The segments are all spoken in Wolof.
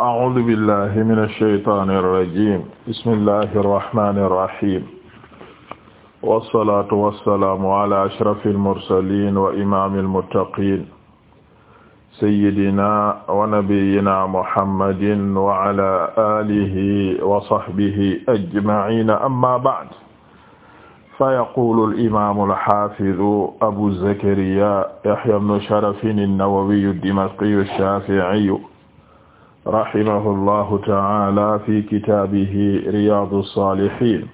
a'uuzu billahi mina shaytaani rajiim bismillahi rahmaani rahiim wassalaatu wassalaamu alaa ashrafil mursaliin wa imaamil muttaqiin sayyidinaa wa nabiyyinaa muhammadin wa alaa aalihi wa sahbihi ajma'iin ammaa ba'd fa yaquulu al-imaamu al-haafidu abu zakariyaa yahyaa ibnu sharafin an-nawawiyyu ad-dimashqiyyu ash-shaafi'iyyu rahimahullahu ta'ala fi kitaabihi riyaadu saalihiin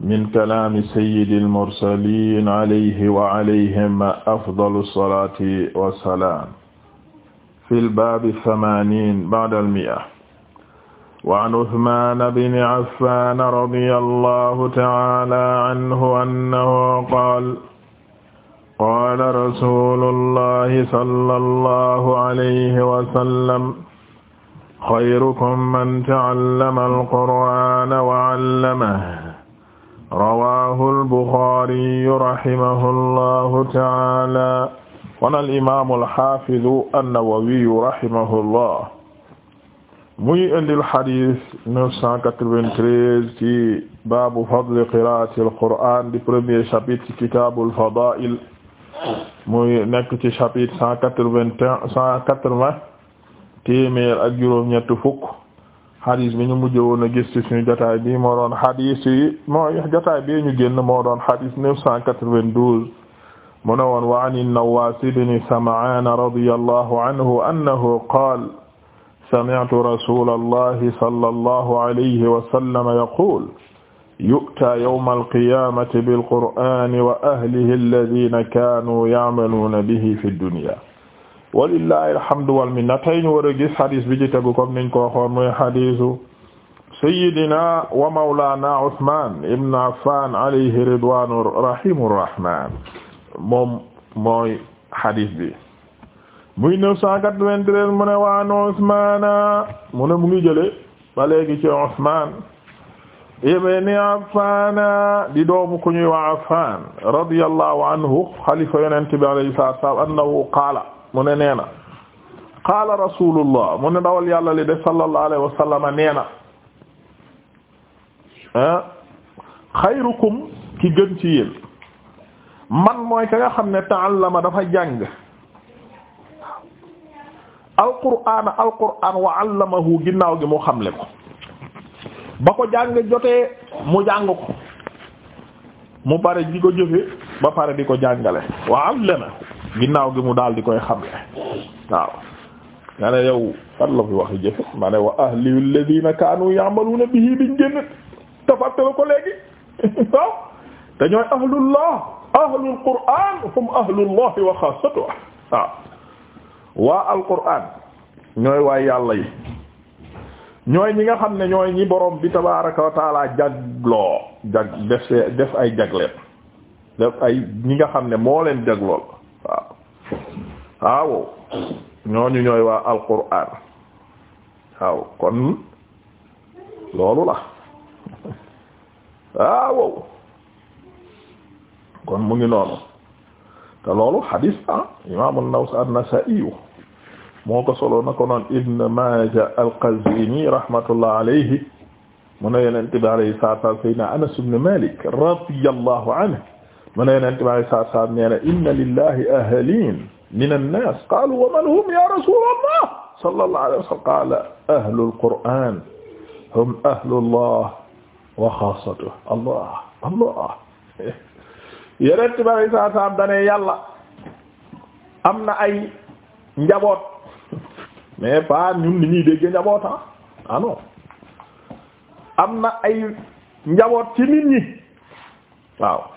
min kalaami sayyidil mursaliin alayhi wa alayhim afdalu salaati wa salaam fil baabi samaaniin ba'dal mi'a wa an Usmaan bin Affaan radiyallahu ta'ala anhu annahu qaala qaala rasuulullahi sallallahu alayhi wa sallam xayrukum man ta'allama al-qur'aana wa 'allamahu rawaahu al-buxaari rahimahu llaahu ta'aala wana al-imaamu al-xaafidu an-nawawi rahimahu llaah muy indil xadiis 993 ci baabu fadli qiraa'ati al-qur'aan di premier chapitre ci kitaabu al-fadaa'il muy nekk ci chapitre 180 téeméer ak juróom-ñett fukk xadis bi ñu mujj woon a gis ci suñu jotaay bi moo doon xadis yi mooy jotaay bi ñu génn moo doon xadis 992 mu ne woon wa an an-Nawwaas ibn Sam'aan radiyallahu anhu annahu qaala sami'tu rasuulallahi sallallahu alayhi wa sallam yaquulu yu'taa yawma al-qiyaamati bil-qur'aani wa ahlihi alladhiina kaanuu ya'maluuna bihi fi ad-dunyaa walillahi alhamdu wal minna tey a gis hadis bi ci tegu comme niñ ko waxoon mooy hadisu sayyidina wa mawlana Usman ibn Affan alayhi ridwanu rahimu rahman mooy hadis bi muy neuf cent quatre-vingt-treize mu ne waan Usmana mu ne mu ngi jële ba léegi ci ibn Affan di doomu ku wa Affan radiyallahu anhu xalifa yonent bi alayhi salaatu wa salaam mu ne nee na qaala rasulullah mu ne dawal yàlla li de sallallahu alayhi wa sallam nee na ah, xayrukum ki gën ci yéen man mooy ka nga xam ne ta'allama dafa jàng alqur'ana alqur'an wa 'allamahu ginnaaw gi mu xamle ko ba ko jàng jotee mu jàng ko mu pare di ko jëfe ba pare di ko jàngale wa 'allamahu ginnaaw gi mu daal di koy xamle waaw nga ne yow fan la fi waxi jëfe ma ne wa ahli alladhina bihi biñ génn tafattala ko léegi te ñooy ahlullah ahlul qur'an hum ahlullah wa xaasatuh waaw waa al qur'an ñooy waay yàlla yi ñooy ñi nga xam ne ñooy ñi borom bi tabaraka wa taala jagloo jag def def ay jagleen def ay ñi nga xam ne moo leen jaglool waaw waaw ñooñu ñooy waa alquran waaw kon loolu la waaw kon mu ngi noonu te loolu xadis ah imam an-Nasa'i moo ko solo na ko noon Ibn Maaja al-Qazwini rahmatullah alayhi mu ne yonent bi alayhi salaatu wa salaam Anas ibn Malik radiyallahu anhu mu ne yonent bi alayhi salaatu salaam nee na inna lillahi ahliin mina nnaas qaalu wa man hum ya rasuulallah sallallahu alayhi wa sallam qaala ahlul qur'aan hum ahlullah wa xaassatuhu allah allah yonent bi alayhi salaatu salaam dane yàlla am na ay njaboot mais pas ñun ni ñuy dégg njabootam ah. ah non am na ay njaboot ci nit ñi waaw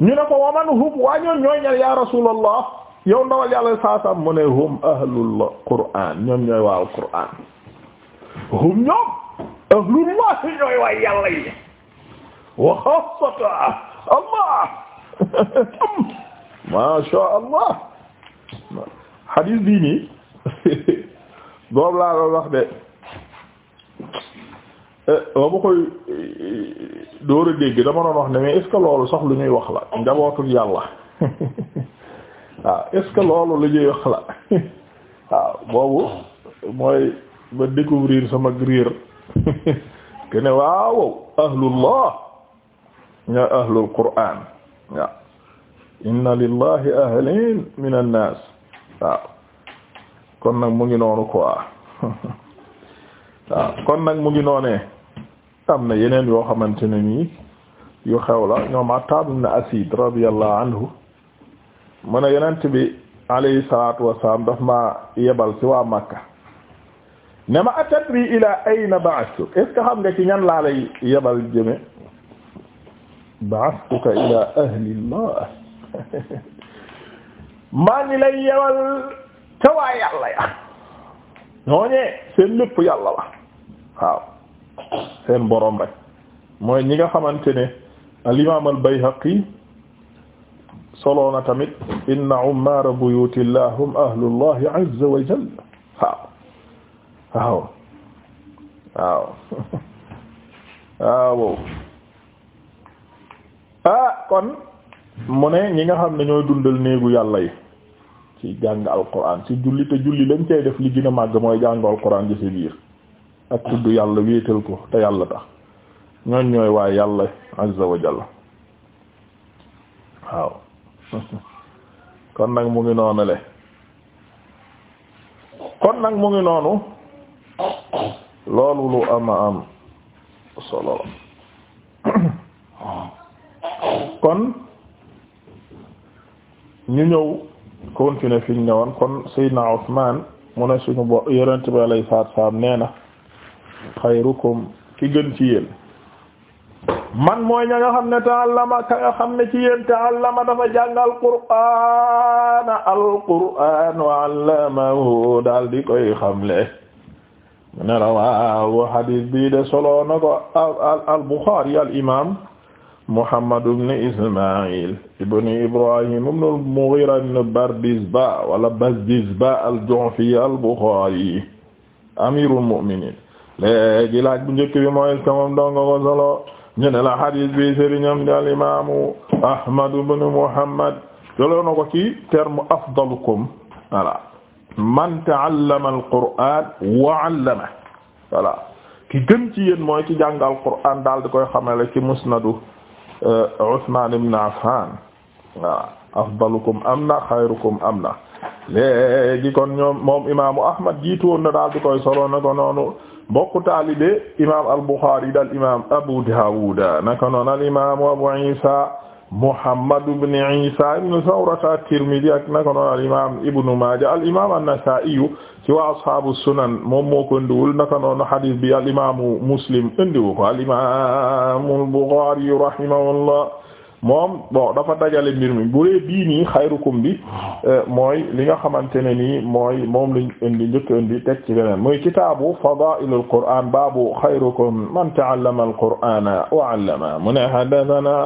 ñu ne ko waman hum waa ñoon ñooy ñal ya rasulallah yow ndawal yàlla saasam mu ne hum ahlul qur'an ñoom ñooy waa al qur'an hum ñoom ahlullah ñooy waa yàlla yi wa allah ma sha allah hadis bii boobu laa doon wax de Eh, ba ma koy eh, door a dégg dama doon wax ne mais est loolu sax lu ñuy wax la njabootul yàlla waaw est-ce loolu lu ñuy wax la waaw boobu mooy ba découvrir sama griir que ne waaw ahlullah ñooy ahlul qur'an waaw inna lillahi ahlin min an waaw kon nag mu ngi noonu quoi waaw kon nag mu ngi noonee am na yeneen yoo xamante ne nii yu xew la ñoom Attaab ibn Asiid radiyallahu anhu mu bi alayhi salaatu wassalaam daf ma yebal ci waa Makka ne ma atatri ila ayna ba'astu est ce que xam ñan laa lay yebal jëme ba'astuka ila ahlillah maa ngi lay yebal waa yàlla ya ñooñee seen lépp yàlla la waaw seen borom rek mooy ñi nga xamante ne al imaam al bayhaqi solo na tamit inna ummaara buyutillah hum ahlullahi azza wa jalla waaw waaw waaw waaw ah, kon mu ne ñi nga xam ne ñooy dundal néegu yàlla yi ci jàng alquran ci julli te julli lañ cay def li gën a màgg mooy jàngu alquran ji ci biir ak tudd yàlla wéetal ko te yàlla tax ñooñ ñooy waaye yàlla azza wa jalla waaw kon nag mu ngi noonu le kon nag mu ngi noonu loolu lu ama am solo kon ñu ñëw continuer fi ñu ne woon kon Seydina Usmaan mu ne suñu bo- yonent bi alayhi salaatu wa nee na xayrukum ki gën ci yéen man mooy ña nga xam ne ta'allama ka nga xam ne ci yéen ta'allama dafa jàng alqur'aan alqur'aan wa 'allamahu daal di koy xamle ne rawaahu hadis bi de solo na ko al al Bukhari al imaam Muhammad ibn Isma'il ibn Ibrahim ibn al-Mughira ibn Bardizba wala Bazdizba al-Ju'fi al-Bukhari amirul mu'minin léegi laaj bu njëkk bi mooy est moom dong ko solo ñu ne la hadis bi sëriñam di al imaamu Ahmad ibn Muhammad jëloo na ko ci terme afdalukum man ta'allama al-Qur'an wa 'allama voilà ki gën ci yéen mooy ki jàng al-Qur'an daal di koy xamale ci musnadu euh, Usman ibn Affan waaw afdalukum am na xayrukum am na léegi kon ñoom moom imaamu ahmad jiitu woon na daal di koy solo na ko noonu mbokku taalibe imaam al buxaari dal imaam abu daawud naka noonu al imaamu abu isa muhammad ibn isa ibn sawrata at-tirmidhi ak naka noonu al imaam ibnu maaja al imaam an-nasaa'i ci waa ashaabu sunan moom moo ko indiwul naka noonu hadith bi al imaamu muslim indiwu ko al imaamu al buxaari rahimahullah moom bon dafa dajale mbir mi bu dee bii nii xayrukum bi hmm. eh, mooy li nga xamante ne nii mooy moom lañ indi njëkk indi teg ci beneen muy kitaabu fadaa'ilul qur'aan baabu xayrukum man ta'allama al-qur'aana wa 'allama mu ne haddathana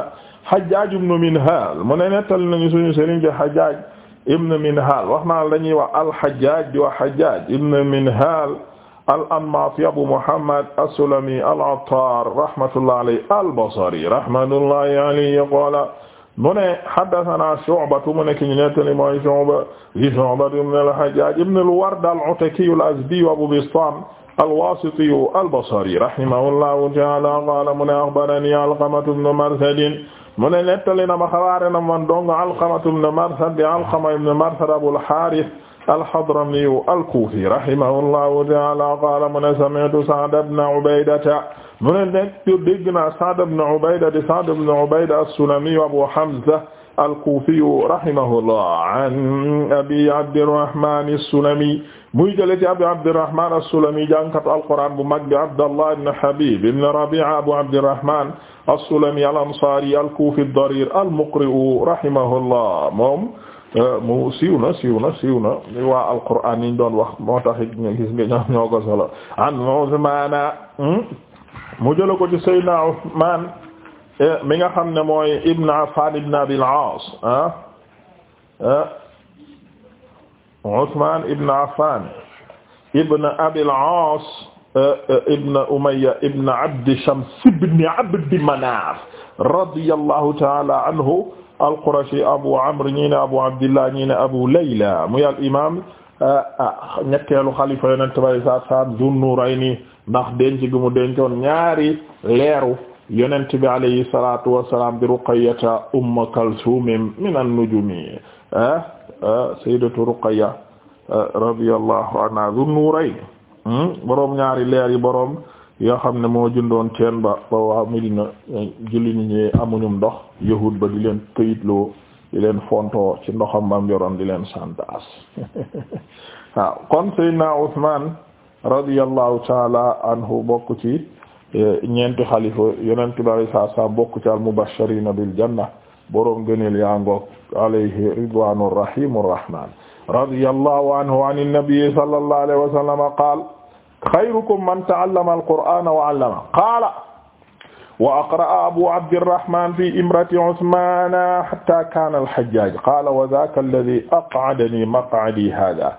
Hajjaaj ibn Minhaal mu ne nettal nañu suñu sëriñ ji Hajjaaj ibn Minhaal wax naa la ñuy wax al-Hajjaaj wa Hajjaaj ibn Minhaal al-Anmaati Abu Muhammad as-Sulami al-Attaar rahmatullahi alayhi al-Basri rahmatullahi alayhi qaala mu ne haddasanaa Shu'ba mu ne ki ñu nettali mooy Shu'ba di Shu'ba ibn al-Hajjaaj ibn al-Ward al-Ataki al-Azdi Abu Bistaam al-Waasiti al-Basri rahimahullahu ta'aala qaala mu ne axbaranii Alqama ibn Marsad mu ne nettali na ma xabaare na man dong Alqama ibn Marsad di Alqama ibn Marsad Abul Haarith alhadramiyu alkuufi rahimahullahu ta'ala qaala mu ne sami'tu Sa'd ibn Ubaydata mu ne nekk dégg naa Sa'd ibn Ubayda di Sa'd ibn Ubayda as-Sulamiyu Abu Hamza alkuufiyu rahimahullah an Abi Abdirrahman as-Sulami muy jële ci Abi Abdirrahman as-Sulami jànkatu alquran bu mag bi Abdallah ibn Habib ibn Rabi'a Abu Abdirrahman as-Sulami al-Ansari alkuufi ad-Darir al-muqri rahimahullah moom Euh, mu siiw na siiw na siiw na li waa alquraan yi ñu doon wax moo tax it ñu gis nga ñoo ñoo ko solo an Usmaan hmm? mu jëla ko ci Seydina Usmaan eh, mi nga xam ne mooy Ibn Affaan ibn Abil Aas ah eh? Usmaan ibn Affaan ibn Abil Aas eh, ibn Umayya ibn Abdi Shams ibn Abdi Manaaf radiyallahu ta'ala anhu al-Qurashi Abu Amr ñii ne Abu Abdillah muy al imaam ah, ah, ñetteelu xalifa Yonent bi saa saam Zunnurayni ndax denc gi mu dencoon ñaari leeru Yonent bi alayhi salaatu wa salaam bi Ruqayyata Umm Kalsuum min an-nujumi ah, Sayyidatu Ruqayya radiyallahu anha Zunnurayni hmm, boroom ñaari leer yi boroom yoo xam ne moo jëndoon teen ba ba waa Medina julli ñi amuñu ndox. yahud ba di leen këyitloo di leen fontoo ci ndoxam bam yoroon di leen santaas waaw kon Seydina Usmaan radiyallahu taala anhu bokk ci e, ñeenti xalifa yonent bi alayhi salaam bokk ci al mubashirina bil janna boroom gëneel yaa ngoog alayhi ridwaanu rahimu rahmaan radiyallahu anhu an an-nabi sallallahu alayhi wa sallam qaala xayrukum man ta'allama al-qur'aana wa 'allamahu qaala wa aqra'a abu abdirrahman fi imrati usmana hatta kana al-hajjaj qala wa dhaka alladhi aq'adani maq'adi hadha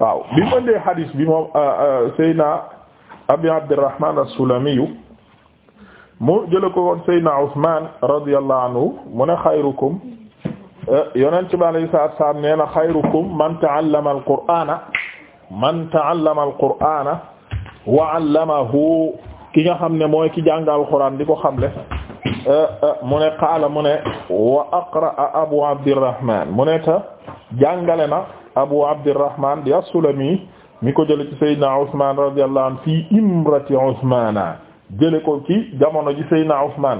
waaw bi mu ëndee hadis bi moom euh, euh, Seyna Abi Abdirrahman as-Sulamiyu mu jële ko woon Seyna Usman radiyallahu anhu mu ne xayrukum euh, yonent bi alayhi salaatu salaam nee na xayrukum man ta'allama al-Qur'aana man ta'allama al-Qur'aana wa 'allamahu ki nga xam ne mooy ki jàng alxuraan di ko xamle eh, eh, mu ne qaala mu ne wa aqraa abu abdirrahman mu ne jàngale na abu abdirrahman di as mi ko jële ci sayyidina Usman radiyallahu anhu fii imrati Usmana jële ko ki jamono ji sayyidina Usman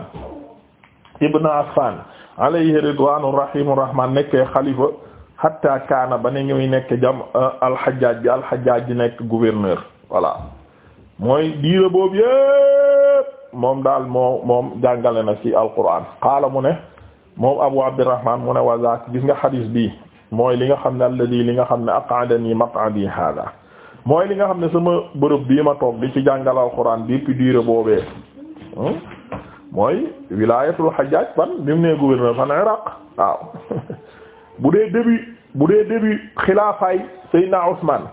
ibn Affan alayhi ridwanu rahimu rahman nekkee xalifa hatta kaana ba ne ñuy nekk jam al-Hajjaj eh, al-Hajjaj nekk gouverneur voilà mooy diira boobu yépp moom daal moo moom jàngale na ci alquran qaala mu ne moom abu abdurrahman mu ne wazak gis nga xadis bi mooy li nga xam ne alladi li nga xam ne aq'adani maq'adi hada mooy li nga xam ne sama bërëb bii ma toog di ci jàngal alquran depuis diira boobee hmm? mooy wilayatul hajjaj ban bi mu nee fan iraq waaw bu dee début bu dee début xilaafaay sayyidina usman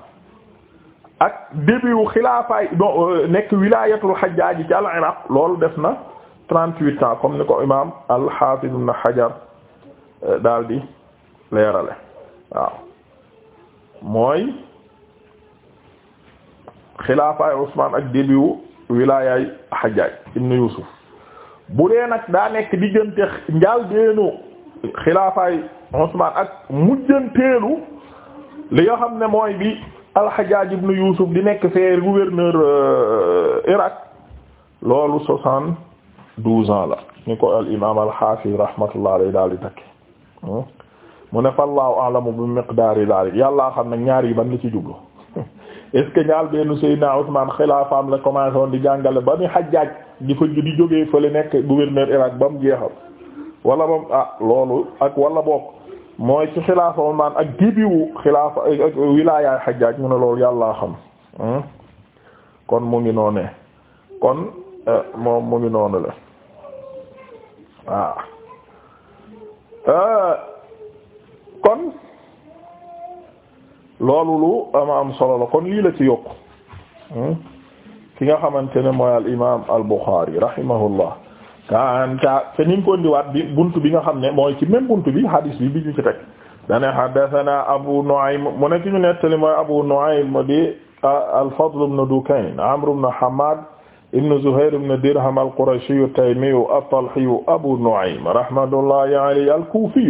ak début wu xilaafaay euh, nekk wilaayatul Hajjaaj ci al-Iraq loolu def na trente-huit ans comme ni ko imaam al-Haafiz ibn Hajar euh, daal di leerale waaw mooy xilaafaay Usmaan ak début wu wilaayaay ibn Yuusuf bu dee nag daa nekk diggante njaal deenu xilaafaay Usmaan ak mujjanteelu li nga xam ne mooy bi al-Hajjaj ibn Yusuf di nekk fee gouverneur euh, Irak loolu soixante douze ans la ni ko al imaam al-Hafiz rahmatullah alayhi daal di takk hmm? mu ne fa Allahu a'lamu bi miqdaari daalik yàllaa xam ne ñaar yi ban la ci jublu est ce que ñaar benn Seydina Ousmane xilaafaam la commencé woon di jàngale ba ni Hajjaj di fa di jógee li nekk gouverneur Irak ba mu jeexal wala ba ah loolu ak wala bokk. mooy ci xilaafa Oman ak dibiwu xilaafa ak wilaayaay Hajjaaj mu ne loolu yàllaa xam hmm? kon mu ngi kon eh, moom mu noonu la waaw eh, kon loolu lu ama am solo la kon lii la ci yokk hmm? ki nga xamante ne mooy al imaam al Buxaari rahimahullah kanta te ni nga ko ndiwaat bi buntu bi nga xam ne mooy ci même buntu bi hadis bi bi ñu ci teg dane hadathana Abu Nu'aym mu ne ki ñu nettali mooy Abu Nu'aym di al-Fadl ibn Dukayn Amr ibn Hammad ibn Zuhayr ibn Dirham al-Qurashi at-Taymi at-Talhi Abu Nu'aym rahmatullahi alayhi al-Kufi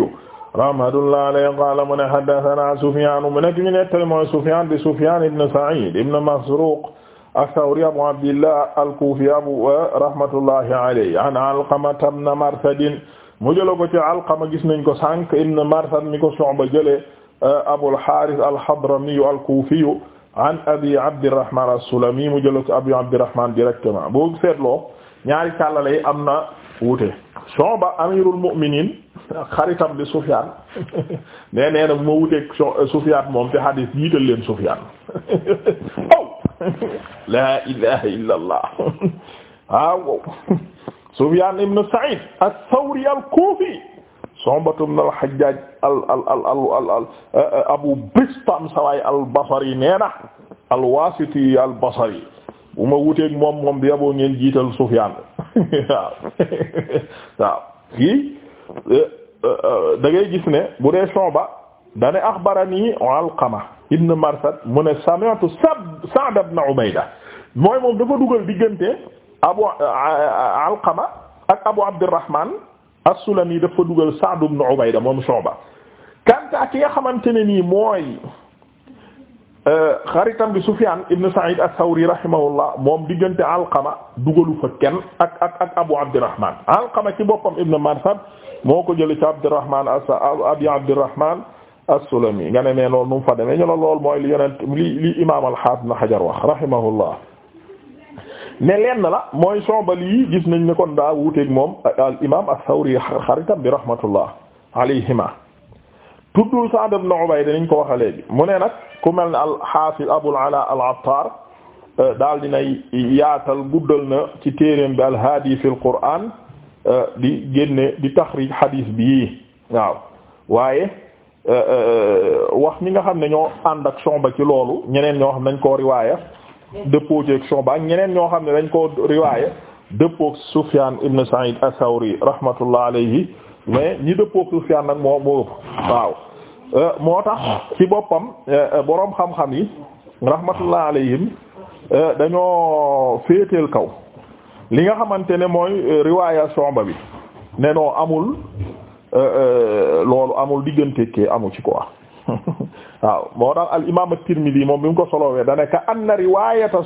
rahmatullahi alayhi qala mu ne hadathana Sufyan mu ne ki ñu nettali mooy Sufyan di Sufyan ibn Sa'id ibn Masruq as-Sawri Abu Abdillah al-Kufi abu eh, rahmatullahi alayhi an Alqama ibn Marsad mu jëloon ko ci Alqama gis nañ ko sànq ibn Marsad mi ko Shu'ba jëlee eh, Abul Harith al-Hadrami al-Kufi an Abi Abdirrahman as mu jëloon ko Abi Abdirrahman directement boo seetloo ñaari kàllale yi am na wuute Shu'ba amirul mu'minin xaritam bi Sufyan moom te hadis jiital leen Sufyan oh! laa ilaha illa allah ah, waaw Sufyaan ibn Sa'iid as-Sawri al-Kuufi Shu'batu ibn al-Hajjaaj al al al al al eh, Abu Bistaam sawaay al-Basri nee na al-Waasiti al-Basri bu ma wuteeg moom moom bi yaboo ngeen jiital Sufyaan waaw waaw fii eh, eh, da ngay gis ne bu dee Shu'ba dane axbarani Alqama ibn Marsad mu ne sami'tu Sa'd ibn Ubayda mooy moom dafa dugal diggante Abu Alqama ak Abu Abdurrahman as-Sulami dafa dugal Sa'd ibn Ubayda moom Shu'ba kanta ki nga xamante ne nii mooy e, xaritam bi Sufyan ibn Sa'id ath diggante Alqama dugalu fa kenn ak ak ak Abu Abdurrahman Alqama ci boppam ibn Marsad moo ko jëlee ci Abdurrahman as abi as-Sulami nga ne mais loolu nu mu fa demee ñu ne loolu mooy li yonent li imaam al-Hafiz Ibn Hajar wax rahimahullah ne lenn la mooy Shu'ba lii gis nañ ne kon daa wuuteeg moom al imaam as-Sawri xaritam bi rahmatullah alayhima tuddul Sa'd ibn Ubayda dañ ko waxa léegi mu ne nag ku mel ne al-Hafiz Abul Ala al-Attar euh, daal dinay yaatal guddal na ci téereem bi al-Hadi fil Qur'an euh, di génne di taxrij xadiis bii waaw waaye. Euh, euh, euh, wax ñi nga xam ne ñoo ànd ak Shu'ba ci loolu ñeneen ñoo xam ne dañ koo riwaaya dëppoo ci ak ñeneen ñoo xam ne dañ koo riwaaya dëppook Sufyan ibn Sa'id as-Sawri rahmatullah alayhi mais ñi dëppook Sufyan nag moo moo waaw moo tax ci boppam boroom xam-xam yi rahmatullah alayhim dañoo féeteel kaw li nga xamante ne mooy riwaaya somba bi ne noo amul Euh, euh, loolu amul diggante ki amul ci quoi waaw moo tax al imaam at-Tirmidhi moom bi mu ko solowee dana ne ka anna riwaayata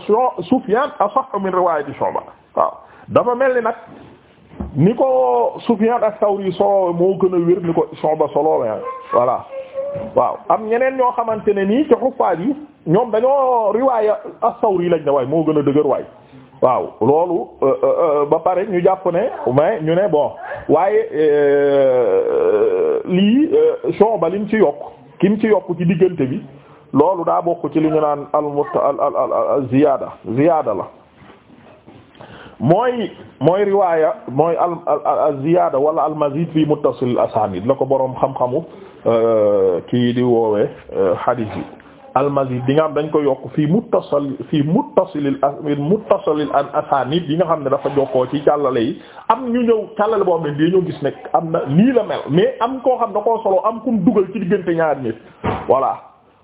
Sufyaan asahhu min riwaayati Shu'ba waaw dafa mel ni nag ni ko Sufyaan as-Sawri solowee moo gën a wér ni ko Shu'ba solowee voilà waaw am ñeneen ñoo xamante ne nii ci xuffaat yi ñoom dañoo riwaaya as-Sawri lañ ne waay moo gën a dëgër waay waaw loolu euh, euh, euh, ba pare ñu jàpp ne mais ñu ne bon waaye lii son ba lim ci yokk kim ci yokk ci diggante bi loolu daa bokk ci li ñu naan al mut al al al ziyaada ziyaada la mooy mooy riwaaya mooy al al ziyaada wala al mazid fi muttasil asanid la ko boroom xam-xamu kii di woowee hadith yi. almazid bi nga xam dañ ko yokk fii muttasil fii muttasilil muttasilil an asanid yi nga xam ne dafa jokkoo ci jàllale yi am ñu ñëw jàllale boo xam ne bii ñoo gis ne am na nii la mel mais am koo xam da koo solo am kuñ dugal ci diggante ñaar nit voilà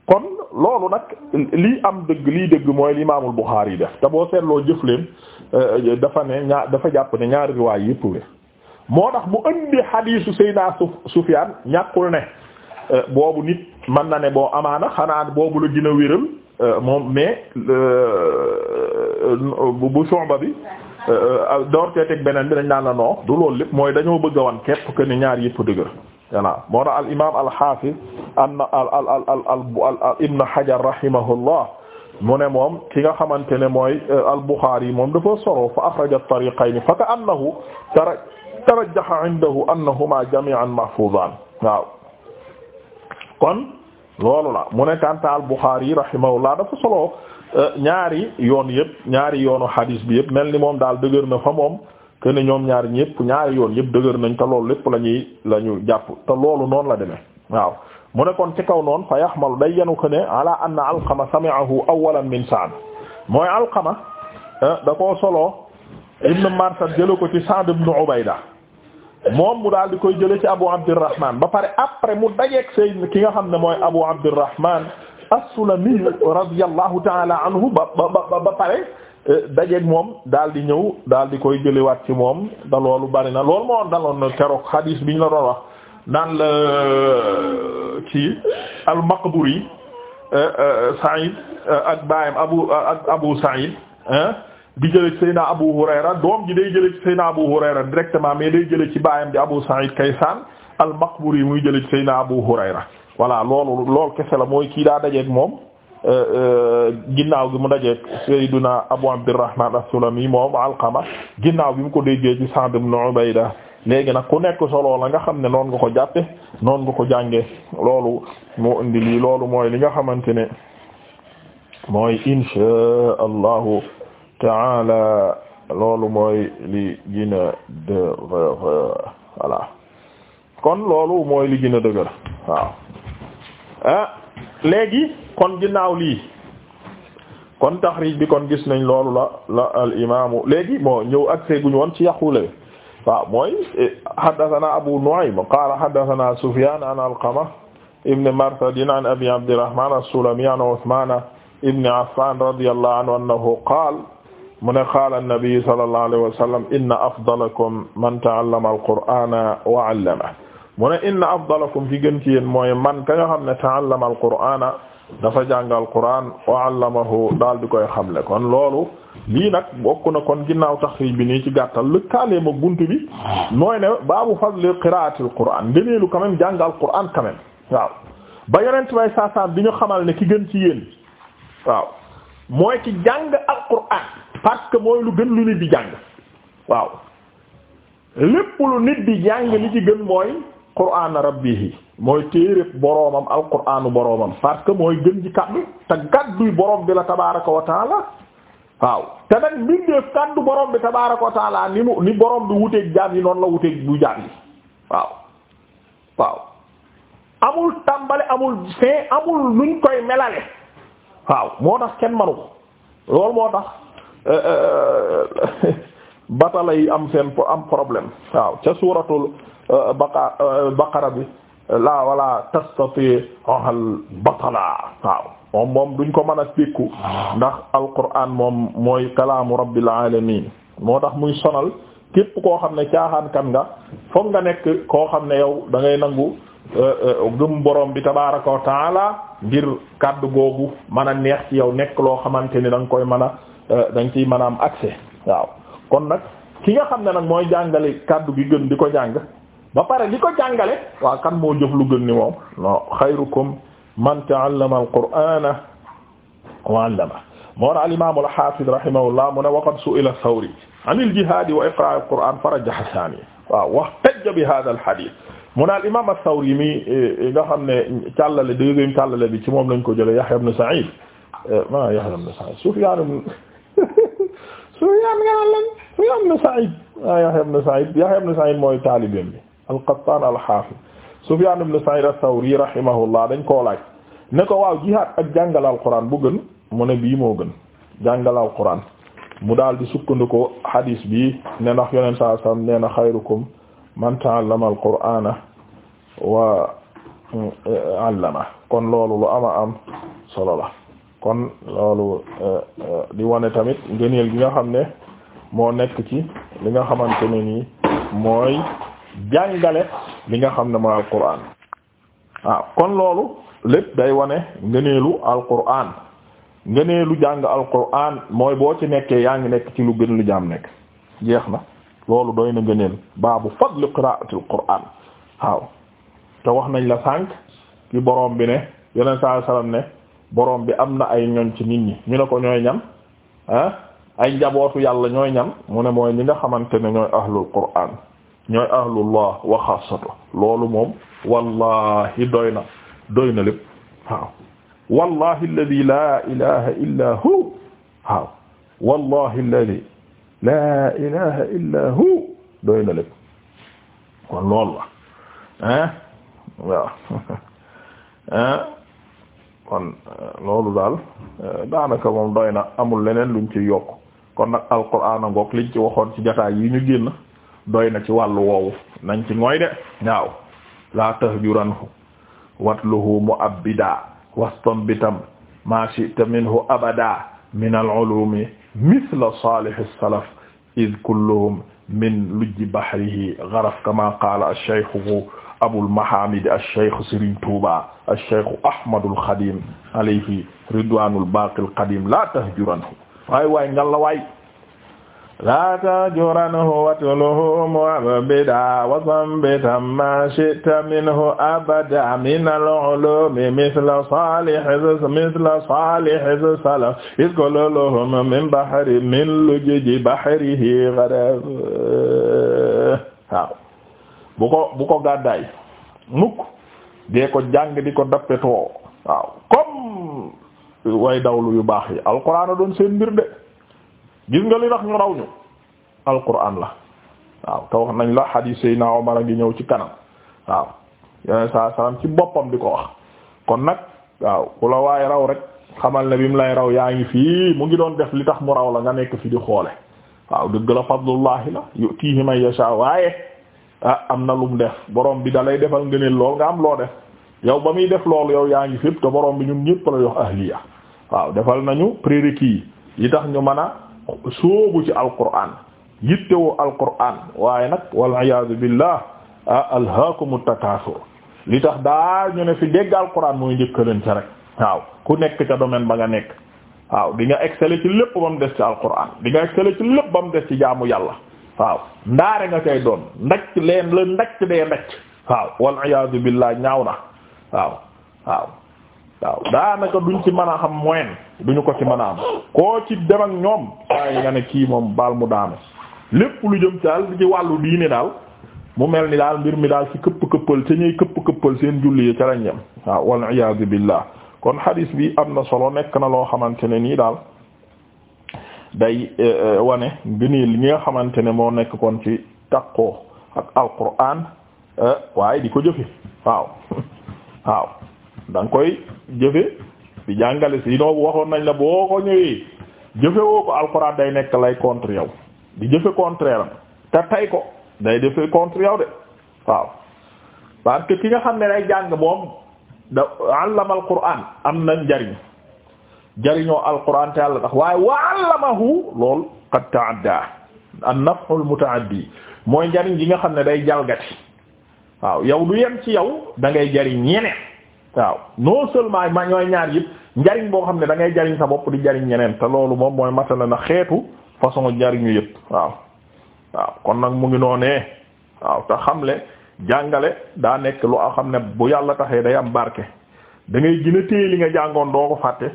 kon loolu nag lii am dëgg lii dëgg mooy li imaamul Buxaari yi def te boo seetloo jëfleen euh, dafa ne ñaar dafa jàpp ne ñaari riwaay yëpp wér moo tax mu indi xadiisu su Sufyaan ñàkkul ne euh, boobu nit man na ne boo amaana xanaa boobu la gën a wéral euh, moom mais euh, bu somba bi euh, door tee teg beneen bi dañ naan la du loolu lépp mooy dañoo bëgg a wan képp que ni ñaar yëpp dëgër voilà moo tax al imaam al xaafiz an al al al al al ibn Hajar rahimahullah mu ne moom ki nga xamante ne mooy al Buxaari moom dafa soro fa axraja tariqayni fa ka annahu tarajjaha indahu annahuma jami'an mahfuzan waaw. kon loolu la mu ne kanta al Bukhari rahimahullah dafa solo euh, ñaari yoon yëpp ñaari yoonu hadis bi yëpp mel ni moom daal dëgër na fa moom que ñoom ñaari ñëpp ñaari yoon yëpp dëgër nañ te loolu lépp la ñuy ñu jàpp te loolu noonu la demee waaw mu ne kon ci kaw noon fa yaxmalu day yenu que ne ala anna alqama sami'ahu awalan min Sa'd mooy alqama euh, da koo solo ibn Marsad jëla ko ci Sa'd ibn Ubayda moom mu daal di koy jële ci Abu Abdurrahman ba pare après mu dajeeg Seydina ki nga xam ne mooy Abu Abdurrahman as-Sulami radiyallahu ta'ala anhu ba ba ba pare eh, dajeeg moom daal di ñëw daal di koy jëlewaat ci moom da loolu bari na loolu moo daloon na keroog bi ñu la doon wax naan la eh, ci al-Maqburi eh, Sa'id ak baayam Abu ak Abu di jëlee ci Seydina Abu Hurayra doom ji day jële ci Seydina Abu Hurayra directement mais day jëlee ci baayam di Abu Sa'id Kaysan al-Maqburi muy jële ci Seydina Abu Hurayra voilà loolu loolu kese la mooy kii daa dajeeg moom euh, euh, ginnaaw gi mu dajeeg Seydina Abu Abdurrahman as-Sulami moom Alqama ginnaaw bi mu ko déggee ci Sa'd ibn Ubayda léegi nag ku nekk solo la nga xam ne noon nga ko jàppe noonu nga ko jànge loolu moo indi lii loolu mooy li nga xamante ne mooy insha Allahu taala loolu mooy li gën a dë voilà kon loolu mooy li gën a dëgër waaw ah léegi kon ginnaaw lii kon taxriij bi kon gis nañ loolu la la al imaamu léegi moo ñëw ak seeguñu woon ci yàqule waaw mooy eh, haddathana abu nu'aym qaala haddathana sufyan an alqama ibn marthadin an abi abdirrahman as-sulami an uthman ibn affan radiyallahu anhu annahu qaala mu ne qaala annabi sallallahu alayhi wa sallam inna afdalakum man ta'allama alqur'ana wa 'allamahu mu ne inna afdalakum ki gën ci mooy man ka nga xam ne ta'allama alqur'ana dafa jàngal qur'an wa 'allamahu daal di koy xamle kon loolu lii nag bokk na kon ginnaaw taxrij bi nii ci gàttal lëkkaale bi mooy ne baabu fadli qira'atil qur'an ngëneelu quand même jàngal qur'an quand même waaw ba bay saasaan bi ñu xamal ne ki gën ci yéen mooy ki jàng alqur'an parce que mooy lu gën lu nit di jàng waaw lépp lu nit di jàng li ci gën mooy qur'aan rabbihi mooy téere boroomam al qur'aanu boroomam parce que mooy gën ci kàddu te gàdduy boroom bi la tabaaraka wa taala waaw te nag mbindeef kàddu boroom bi tabaaraka wa ni mu ni boroom bi wuteeg jaam yi noonu la wuteeg bu jaam yi waaw waaw amul tàmbale amul fin amul nuñ koy melale waaw moo tax kenn manu loolu moo tax Euh, euh, euh, batala yi am seen am problème waaw ca suuratul baqara bi la wala tastati al batala waaw moom moom duñ ko mën a dékku ndax alquran moom mooy kalaamu rabbil alamin moo tax muy sonal képp koo xam ne caaxaan kan nga foog nga nekk ko xam ne yow dangay nangu gëm borom bi tabaaraka wa taala ngir kàddu googu mën neex ci yow nekk loo xamante ni danga koy mën a Euh, dañ ciy mën a waaw kon nag ki nga xam ne nag mooy jàngale kàddu gi gën di ko jàng ba pare di ko jàngale waaw kan moo jëf lu gën ni moom non xayrukum man ta'allama al-qur'ana wa 'allama moo na al-imam al-hafiz rahimahullah mu ne waqad su'ila Thawri an al-jihad wa iqra' al-qur'an farajaha thani waaw wahtajja bi hadha al-hadith mu ne al-imam ath-Thawri mi e, e, nga xam ne càllale deuxième càllale bi ci moom lañ ko jële Yahya ibn Sa'id e, ma Yahya Sufyaan nga naan ah Yahya ibn Sa'iid mooy taalibeem bi al-Qattaan al-Haafiz Sufyaan ibn Sa'iid as-Sawri rahimahullah dañ koo laaj ne ko waaw jihaad ak jàngale alquran bu gën mu ne bii moo gën jàngale mu daal di sukkandiku hadis bi ne ndax Yonent saa sallam nee na xayrukum man ta'allama alqur'ana wa mm, eh, allama kon loolu la. kon loolu euh, euh, di wane tamit ngëneel gi nga xam ne moo nekk ci li nga xamante ne nii mooy jàngale li nga xam ne mooy alquran waaw ah, kon loolu lépp day wane ngëneelu alquran ngëneelu jàng alquran mooy boo ci nekkee yaa ngi nekk ci lu gën lu jaam nekk jeex na loolu doy na ngëneel baabu fadlu qiraatil quran waaw te wax nañ la sànq ci borom bi ne yeneen saa salaam ne. boroom bi am na ay ñoñ ci nit ñi ñu ne ko ñooy ñam ah, ay njabootu yàlla ñooy ñam mu ne mooy ñi nga xamante ne ñooy ahlul qur'an ñooy ahlullah wa xaasatu loolu moom wallahi doy na doy na lépp waaw wallahi alladi laa ilaha illa wallahi alladi laa ilaha illa doy na lépp kon loolu la ah waaw ah. kon euh, loolu daal euh, daanaka moom doy na amul leneen luñ ci yokk kon nag alquraan a ngoog liñ ci waxoon ci jataay yi ñu génn doy na ci wàllu woowu nañ ci mooy de waaw laa tahjuranhu watluhu mu'abbida wastanbitam ma shi'ta minhu abada min al-ulumi mithla salih as-salaf id kulluhum min lujji bahrihi gharaf kama qala ash-shaykh abul mahamid ash-shaykh Serigne Touba ash-shaykh Ahmadul Khadim alayhi ridwanul baqil qadim la tahjuranhu waay waay ngalla waay la tahjuranhu watluhu mu'abida wa sambitan ma shi'ta minhu abada min al-ulumi mithla salih mithla salih salaf iskuluhum min bahri min lujji bahrihi gharab waaw bu ko bu ko gàddaay mukk dee ko jàng di ko dappetoo waaw comme way dawlu yu baax yi alquran a doon seen mbir de gis nga li tax ñu raw ñu alquran la waaw te wax nañ la hadith Seydina Omar a ngi ñëw ci kanam waaw yeneen saa salaam ci boppam di ko wax kon nag waaw ku la waaye raw rek xamal ne bi mu lay raw yaa ngi fii mu ngi doon def li tax mu raw la nga nekk fi di xoole waaw dëgg la fadlullahi la yutihi man yasha waaye ah am na lu mu def borom bi da lay defal ngëneel lool nga am loo def yow ba muy def loolu yow yaa ngi fépp te borom bi ñun ñëpp la yox ahliya waaw defal nañu prérequis yi tax ñu mën a sóobu ci alquran yittewoo alquran waaye nag wal iyaadu billah ah alhaakumu takaasur li tax daa ñu ne fi dégg alquran mooy njëkkalante rek waaw ku nekk ca domaine ba nga nekk waaw di nga exceller ci lépp ba mu des ci alquran di nga exceller ci lépp ba mu des ci jaamu yàlla. waaw ndaare nga kay doon ndacc leen la ndacc dee ndacc waaw wal iyaadu billaah ñaaw na waaw waaw waaw daanaka duñ ci mën a xam moyen duñu ko ci mën a am koo ci dem ak ñoom waaye nga ne kii moom baal mu daanu lépp lu jëm daal di ci wàllu diine daal mu mel ni daal mbir mi daal ci këpp këppal ca ñuy këpp këppal seen julli yi ca lañ yem waaw wal iyaadu billaah kon hadis bi am na solo nekk na loo xamante ne nii daal day eh, eh, wane ngëneel ñi nga xamante ne moo nekk kon ci takkoo ak alquran eh, waaye di ko jëfe waaw waaw da koy jëfe di jàngale si noo waxoon nañ la boo ko ñëwee jëfe woo ko alquran day nekk lay contre yow di jëfe contraire am te tay ko day defe contre yow de waaw parce que nga xam ne day jàng moom da allama alquran am na njariñ jariñoo alquran te yàlla tax waaye wa allamahu lool qad ta'adda an-naf'u al-muta'addi mooy njariñ gi nga xam ne day jalgati waaw yow du yem ci yow dangay ngay jariñ ñeneen waaw non seulement ma ñooy ñaar yëpp njariñ boo xam ne dangay ngay jariñ sa bopp di jariñ ñeneen te loolu moom mooy matala na xeetu façon jariñu yëpp waaw waaw kon nag mu ngi noonee waaw te xamle jàngale daa nekk lu a xam ne bu yàlla taxee day am barke da ngay téye li nga jàngoon doo ko fàtte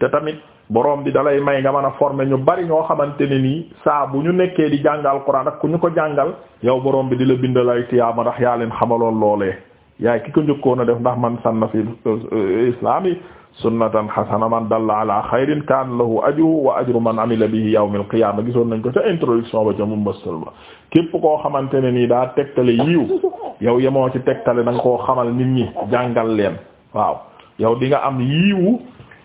te tamit borom bi dalay may nga man a former ñu bari ñoo xamante ne nii saa bu ñu nekkee di jàngal Qur'an ak ku ñu ko jàngal yow borom bi di la bindal ay tiyaaba ndax yaa leen xamaloon loolee yaay ki ko njëkkoon a def ndax man sanna fi eh, islam yi sunnatan hasana man dalla ala xayrin kaan lahu ajru wa ajru man amila bihi yawmil qiyama gisoon nañ ko ca introduction ba ca mu mbëstal ba képp koo xamante ne nii daa tegtale yiiw yow yemoo ci tegtale da koo xamal nit ñi jàngal leen waaw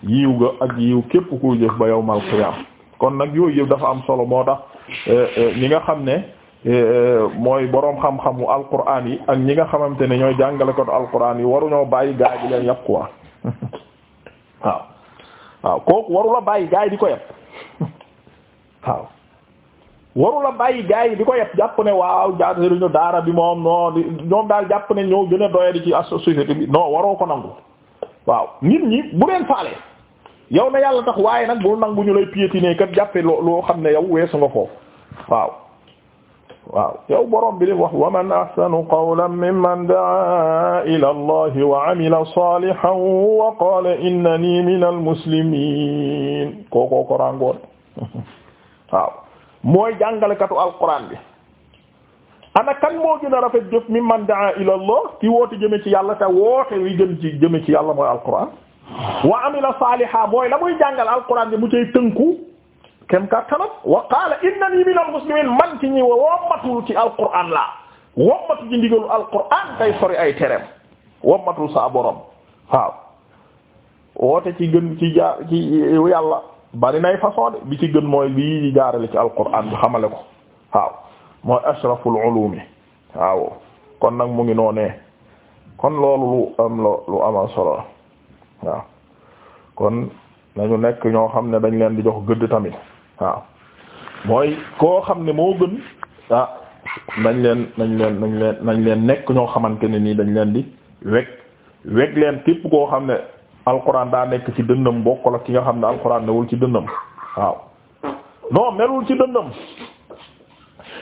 yiw ga ak yiw képp kuy jëf ba yawmal qiyaam kon nag yooyu yëpp dafa am solo moo tax eh, eh, ñi nga xam ne eh, mooy boroom xam-xamu alquran yi ak ñi nga xamante ne ñooy jàngale ko alquran yi waruñoo bàyyi gaay di leen yàpp quoi waaw waaw kooku warula bàyyi gaay di ko yàpp waaw warula bàyyi gaa yi di ko yàpp jàpp ne waaw jaasëriñu daara bi moom non ñoom daal jàpp ne ñoo gën a doyadi ci société bi non waroo ko nangu waaw nit ñi bu leen faalee yow na yàlla tax waaye nag bu nangu ñu lay piétiner kat jàppe loo loo xam ne yow weesu nga foofu waaw waaw yow borom bi li wax wa man ahsanu qawlan mimman daa ila allahi wa amila salihan wa qala innani minal muslimin kookoo korangoon waaw mooy jàngalekatu alquran bi ana kan moo gën a rafet jëf mi man daa ila Allah ki woote jëme ci yàlla te woote wi jëm ci jëme ci yàlla mooy alquran wa amila saaliha mooy la muy jàngal alquran bi mu cay tënku kem kàttanam wa qaala innani minal muslimin man ci ñi wommatul ci alquran la wommatu ci ndigalu alquran tay sori ay tereem wommatul sa borom waaw woote ci gën ci jaar ci yàlla bari nay façon de bi ci gën mooy bi jaarale ci alquran bi xamale ko waaw mooy ashraful ulumi waaw kon nag mu ngi noonee kon loolu lu am lu amal solo waaw kon nañu nekk ñoo xam ne dañ leen di jox gëdd tamit waaw mooy koo xam ne moo gën ah nañ leen nañ leen nañ nañ leen nekk ñoo xamante ne nii dañ leen di weg weg leen képp koo xam ne alxuraan daa nekk ci dëndam bokkul ak ki nga xam ne alxuraan newul ci dënnam waaw non melul ci dëndam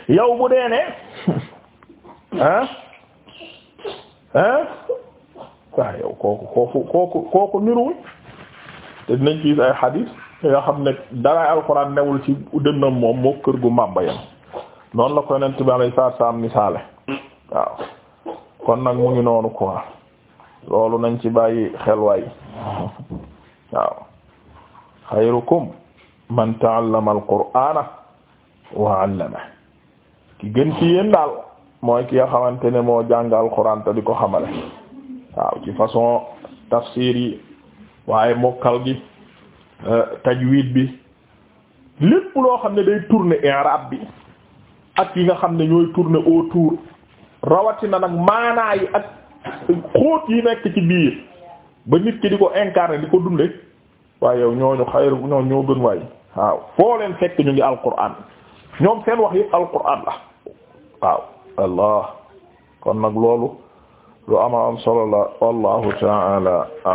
yow bu dee ne ah ah kooku kooku kooku kooku niruwul te dinañ ci ay xadiis yoo xam ne dara newul ci dënnam moom moo kër gu màmba yam noonu la ko yonent bi alayhi salaatu salaam misaale waaw kon nag mu ngi noonu quoi loolu nañ ci bàyyi xel waay waaw xayrukum man ta'allama al-qur'ana wa 'allama ki gën ci yéen daal mooy ki nga xamante ne moo jàngal Alxuraan te di ko xamale waaw ci façon tafsir yi waaye mokkal gi euh, tajwid bi lépp loo xam ne day tourner i'rab bi ak yi nga xam ne ñooy tourner autour rawatina nag maanaa yi ak xóot yi nekk ci biir ba nit ki di ko incarner di ko dunde waaye yow ñooñu xayru ñoo ñoo gën waay waaw foo leen fekk ñu ngi alquran ñoom seen wax yëpp alquran la waaw allah kon nag loolu lu ama am solo la wallahu ta'ala